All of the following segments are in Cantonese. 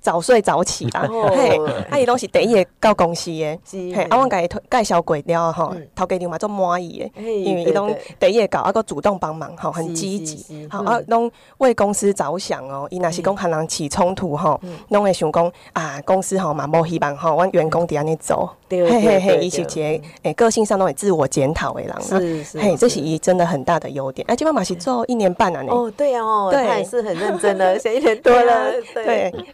早睡早起啊，oh，嘿，阿伊攏是第一個到公司嘅，係 阿、啊、我他介介紹過了吼，頭、嗯、家娘嘛足滿意嘅，因為伊攏第一個到、嗯嗯，啊個主動幫忙吼，很積極，好啊攏為公司着想哦，伊、嗯、若是講和人起衝突吼，攏、嗯、會想講啊公司吼嘛冇希望吼，我員工得安尼走，嘿嘿嘿，伊是一個誒個性上攏會自我檢討誒人，是是、啊、是，嘿，是這是伊真的很大的優點。哎，即滿嘛是做一年半啊，你哦，對呀，哦，對、啊哦，對也是很認真的，寫 一年多了， 對、啊。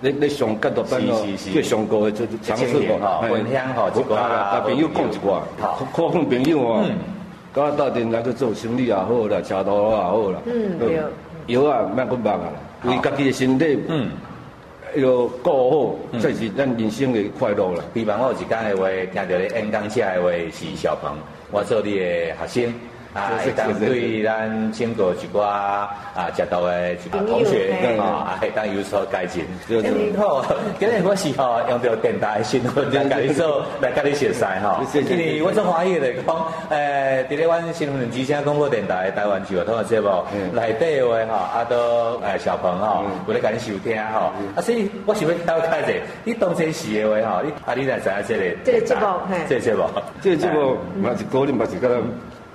你你上，上、哦、跟到班個，即上過就嘗試過，係。好啊，朋友講一掛，好。各朋友哦、啊，嗯。個到陣來做生理也好啦，吃多啊也好啦，嗯。有、嗯、有啊，毋免咁忙啦，為家己嘅身體，嗯。要顧好，即是咱人生嘅快樂啦。希望我有一工嘅話，聽到你演講者嘅話，是小鵬，我做你嘅學生。啊，當對咱經過一寡啊，接到的同學啊，好，啊，當有所改進。你好，今日我是吼用着電台的身份，就甲你做來甲你謝謝對對對對說聲哈，因為我是歡喜來講，誒，佇咧阮新雲林之聲廣播電台台灣就業通，同安市無內底的吼，阿都誒小鵬吼，我來甲你收聽吼，啊，所以我想要了解一下，你當前時的話吼，你阿你來在阿些咧？即即個，即即個，即即個，唔是嗰個，唔是嗰個。